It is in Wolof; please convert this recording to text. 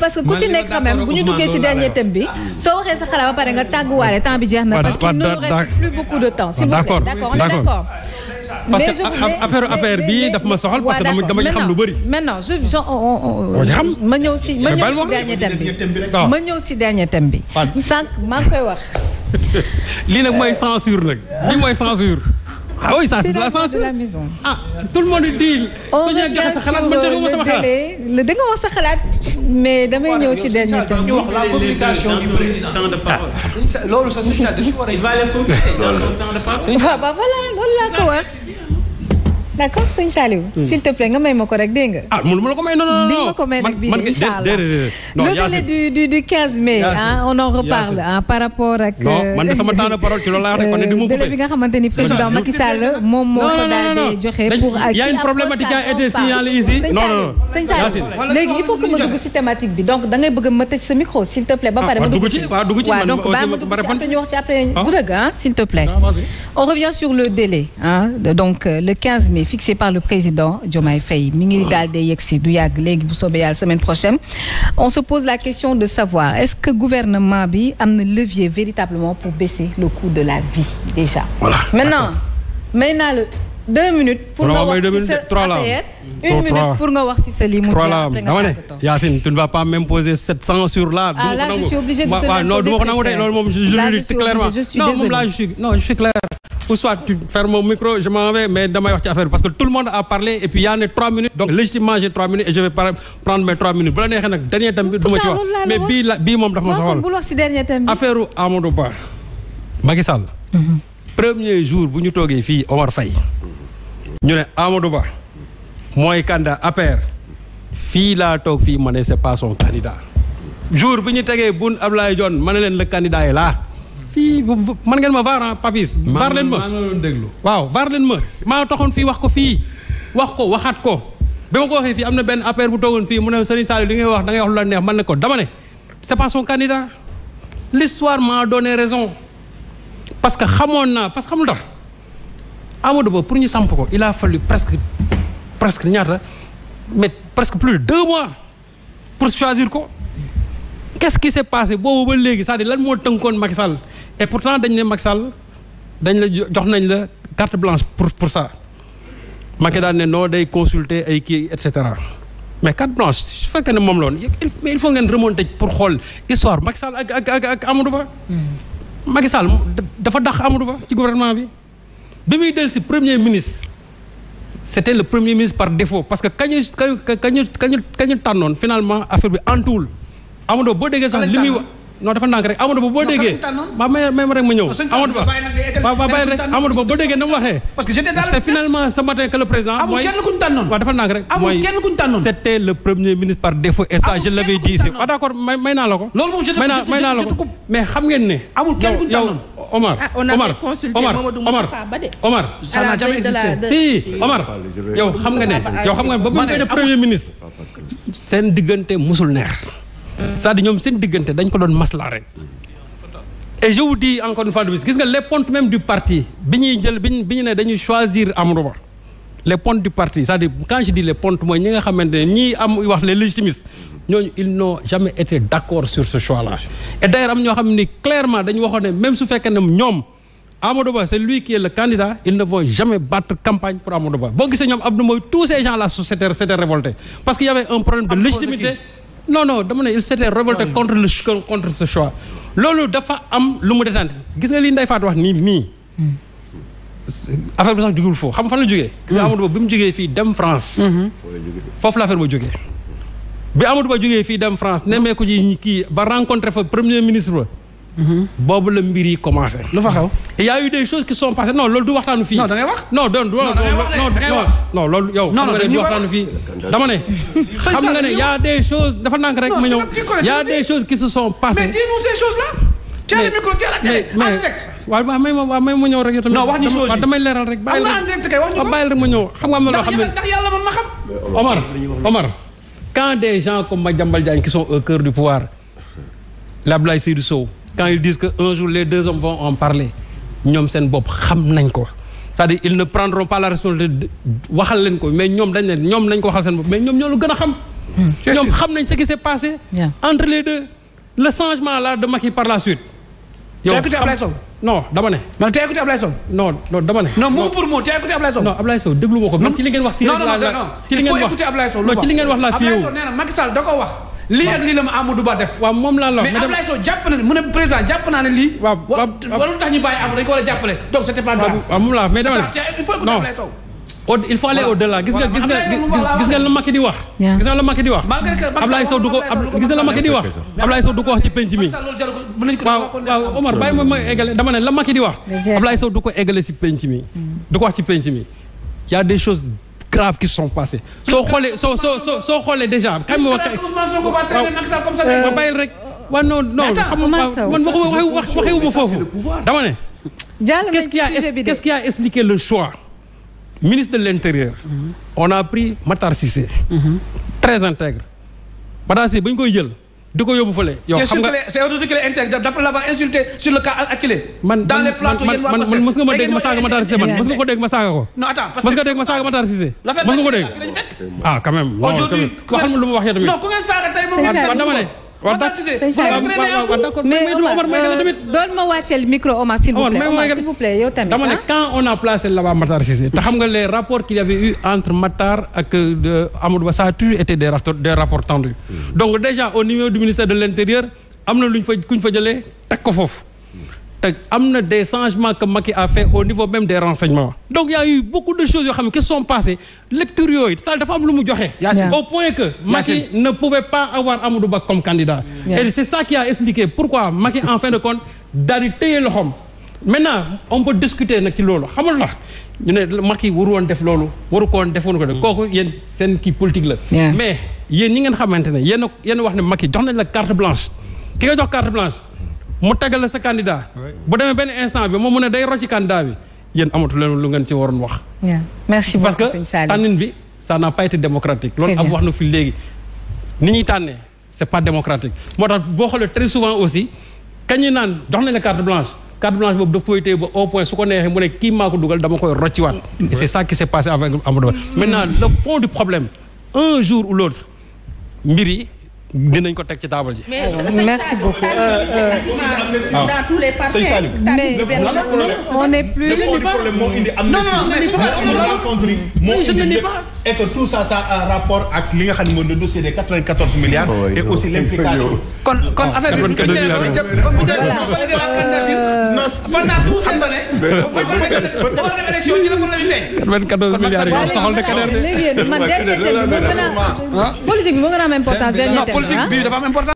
parce que ku ci nekk bu ñu duggee ci dernier thème bi soo waxee sa xalaat ba pare nga tàgguwaale temps bi jeex na parce qu'il ne nous reste plus beaucoup de temps s'il vous plaît d'accord on est d'accord parce que affaire affaire daf ma soxal parce que dama dama xam lu bëri. maintenant je je ma ñëw si ma ñëw si dernier thème bi ma ñëw si dernier thème bi. sànq maa ngi koy wax. lii nag mooy censure Ah oui, ça c'est la censure. De la maison. Ah, tout le monde dit. On da nga wax sa xalaat da nga wax sa xalaat mais damay ñëw ci dernier question. ñu wax la communication du président. temps de parole. Ah. loolu sa secrétaire de choix. Il va le communiquer dans son temps de parole. Waaw, voilà, loolu laa ko wax. d' accord sëñ Saliou. Hmm. s' te plaît nga may ma ko rek dégg nga. ah non non non. ko may rek bii le délai du mai. ah on en reparle ah par rapport ak. Euh, de sama temps parole ci loolu laa euh, bi pour ak y' a une problématique qui a été signalée ici. non non sëñ Saliou léegi il faut que ma dugg si thématique bi donc da ngay bëgg ma tëj sa micro s' il te plaît. ba ah, pare ma dugg ci waaw dugg ci man donc baa ma dugg ci après ñu wax ci après ah. bu dëgg ah s' il te plaît. le délai mai par le président Diomaye Faye mi ngi daal di yegg si du yàgg semaine prochaine on se pose la question de savoir est-ce que gouvernement bi am levier véritablement pour baisser le coût de la vie déjà. voilà maintenant may naa la deux minutes. pour nga wax si sa affaire une minute pour nga wax si sa lii mu jeex. dama ne Yacine tu ah, je suis obligée de te l'imposer non du ma ko nangu de loolu moom je le dis clairement. non moom là je suis non je suis clair. ou soit tu fermes mon micro je m'en vais mais damay wax ci affaire bi parce que tout le monde a parlé et puis y ne trois minutes donc légitimement j'ai trois minutes bu la neexee nag dernier thème bi du ma ci wax mais bii moom dafa ma soxal affaire u Amadou Ba Macky mhm. premier jour bu ñu toogee fii Omar Faye ñu ne Amadou Ba mooy candidat APR fii laa toog fii ma ne c'est pas son candidat jour bi ñu tegee bun Ablaye John ma ne leen le candidat yi laa fii man ngeen ma vaar papis vaar leen ma maa déglu waaw vaar leen ma maa taxoon fii wax ko fii wax ko waxaat ko bi ma ko waxee fii am na benn affaire bu toogoon fii mu ne Serigne Saliou li ngay wax da ngay wax lu la neex man ne ko dama ne c'est pas son candidat l'histoire m'a donné raison parce que xamoon naa parce que xamul tax Amadou Ba pour ñu samp ko il a fallu presque presque ñaata mais presque plus de deux mois pour choisir ko qu'est-ce qui s'est passé boobu ba léegi cest lan moo tënkoon Macky Sall et pourtant dañ ne Macky Sall dañ la jox nañ la carte blanche pour pour ça Macky daal ne noo day consulter ay kii et cetera mais carte blanche su fekkee ne moom loon mais il faut ngeen remonter pour xool histoire Macky Sall ak ak ak Amadou Ba. Hmm. Macky Sall dafa dax Amadou Ba ci gouvernement bi bi muy dellu si premier ministre c' était le premier ministre par défaut parce que kañu kañu kañu kañu tànnoon finalement affaire bi antuwul Amadou boo déggee sax li muy non dafa ndànk rek Amadou Ba boo déggee. waaw may may ma rek waxee. parce que j'étais dans le. c'est finalement ce matin que le président. mooy amul kenn ku ñu tànnoon waaw dafa ndànk rek. amul kenn ku le premier ministre par défaut et ça je l'avais dit ici. waaw ah, d'accord may naa la loolu moom may naa may mais xam ngeen ne. amul kenn ku ñu tànnoon yow Omar. ah Omar Omar ça n'a jamais si Omar yow xam nga ne yow xam nga ne ba mu premier ministre seen diggante musul neex c'est-à-dire ñoom seen diggante dañ ko doon maslaa rek. et je de gis nga les pontes même du parti bi ñuy jël bi ñu bi ñu ne dañuy choisir Amadou Ba les pontes parti c'est-à-dire quand je dis ñi nga xamante ne ñii am wax les légitimistes ñooñu ils n'ont jamais été d'accord sur ce choix ñoo xam ni clairement dañu waxoon ne même su fekkee ne ñoom Amadou Ba c'est lui qui est le candidat ils ne vont jamais battre boo gisee ñoom Abdou mooy tous ces gens-là se s'étaient parce qu'il y un problème de légitimité. non non dama ne il s'était révolté contre le contre ce choix loolu dafa am lu mu détente gis nga lii nday Fatou wax nii nii affaire bi sax jugul foofu xam fan la jógee gis nga hmm. Amadou Ba bi mu jógee fii dem France hmm. foofu la affaire ba jógee bi Amadou Ba jógee fii dem France ku ji kii ba rencontré fa premier ministre ba Mhm. boobu la mbir yi commencé. lu fa xew il y a eu des choses qui sont passées non loolu du waxtaanu fii. non da wax non non non non loolu du waxtaanu fii dama xam nga ne y a des choses dafa nànk rek ma ñëw y a des choses qui se sont passées. mais dis-nous ces choses là. mais mais mais waaw waaw may ma waaw may ma ñëw rek yow tamit. non wax ñu chose yi leeral rek. bàyyil ah, rek ma ñëw xam nga ma na loo xam ne ndax yàlla man ma xam. Omar Omar quand des gens comme Madiambal Diagne qui sont au du pouvoir l'Abdoulaye quand ils disent que un jour les deux hommes vont en parler ñoom seen bopp xam nañ ko c'est-à-dire ne prendront pas la responsabilité waxal leen ko mais ñoom dañ ne ñoom nañ ko waxal seen bopp mais ñoom ñoo lu gën a xam. Hmm. ñoom xam nañ ce qui s'est passé. entre les deux le changement là de Macky par la suite. yow tey écouté Ablaye Sow non dama ne. man tey pour mot tey écouté Ablaye Sow. non déglu ma ko. ci li ngeen wax fii rek laa la non ci li ngeen wax la fii yow nee na Macky lii ak lii la ma Amadou Ba def. moom laa la wax jàpp na ne naa ne lii. waaw waaw tax ñu bàyyi Amadou dañu ko war a jàppale. donc c'était pas moom laa mais dama gis nga la Macky di la Macky di wax. ci penc mi. waaw waaw Omar bàyyi ma ma eggale dama ne la Macky di wax. Ablaye Sow du ko eggale ci penc mi. Mm. du ko wax ci penc mi y a des choses. graves qui sont passées. soo xoolee soo soo soo soo xoolee déjà. xam nga ma euh, bàyyi rek. waaw non non xam nga man wax waxewuma foofu dama ne. quest qui a expliqué le choix. ministre de l'intérieur. Mm-hmm. on a pris Matar Cissé. Mm-hmm. très intègre. bañ koy jël. di ko yóbbu fële. yow xam nga c'est autodéclaré intègre d'après l'avoir insulté sur le cas acculé. man dans les plateaux man mës ma dégg ma saaga Matar Cissé man mës ko dégg ma saaga ko. non attends que mës nga dégg ma saaga Matar Cissé. mës nga ko dégg ah quand même. aujourd'hui waxal ma lu ma wax yow tamit. non ku ngeen saaga tey moom. ne waaw d'accord mais euh, Omar euh, doon ma wàcceel micro Omar s'il vous oh, vous plaît yow tamit ah. quand on a placé là-bas Matar Cissé te nga les rapports qu'il y avait eu entre Matar ak euh, Amadou Ba ça a toujours été des des rapports tendus mm. donc déjà au niveau du ministère de l'Intérieur am na lu ñu fa ku ñu fa jëlee teg ko foofu te am na des changements que Macky a fait au niveau même des renseignements donc y a eu beaucoup de choses yoo xam ne qui sont passées lecture yooyu daal dafa am lu mu joxe. au point que Macky ne pouvait pas avoir Amadou Ba comme candidat. Yeah. et c'est ça qui a expliqué pourquoi Macky en fin de compte daal di téye loxoom. maintenant on peut discuter nag ci loolu xamul la ñu waru woon def loolu waru ko woon ko de mm. kooku yéen seen kii politique la. mais yéen ñi ngeen xamante ne yéen a wax ne Macky jox nañ la carte blanche ki nga mu tegal la sa candidat. bu demee benn instant bi moom mu ne day rocci candidat bi yéen amatu leen lu ngeen ci waroon wax. merci beaucoup parce que tànnin bi ça n'a pas été démocratique. loolu am wax na fi léegi ni ñuy tànnee c'est pas démocratique moo tax boo xoolee très souvent aussi kañ ñu naan dox nañ la carte blanche. carte blanche boobu daf koy téye ba au point su ko neexee mu ne kii maa ko dugal dama koy rocciwaat. et c'est ça qui s'est passé avec Amadou Ba. maintenant le fond du problème un jour yi. gën nañ ko teg ci table ji. merci beaucoup. Euh, euh, ah. dans tous les partis. mais on n'est plus. moo indi am na si. non non moo compris. moo indi lépp et que tout ça ça a rapport ak li nga xam ne mooy le dossier des 94 milliards. et aussi l' implication. kon kon affaire bi bu ñu la politique bi dafa am importance.